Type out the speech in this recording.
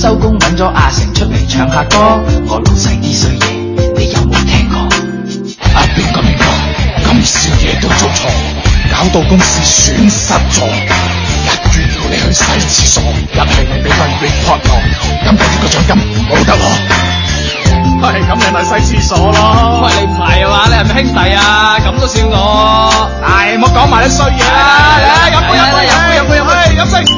收工揾咗阿成出嚟唱下歌，我老細啲衰嘢你有冇聽過？阿炳咁嚟講，咁少嘢都做錯，搞到公司損失咗，日日要你去洗廁所，日係咪俾人越潑浪？今日呢個獎金冇得攞，唉咁你咪洗廁所咯。喂，你唔係嘅話，你係咪兄弟啊？咁都算我？唉，莫講埋啲衰嘢啦，嚟飲杯飲杯飲杯飲杯飲杯飲杯。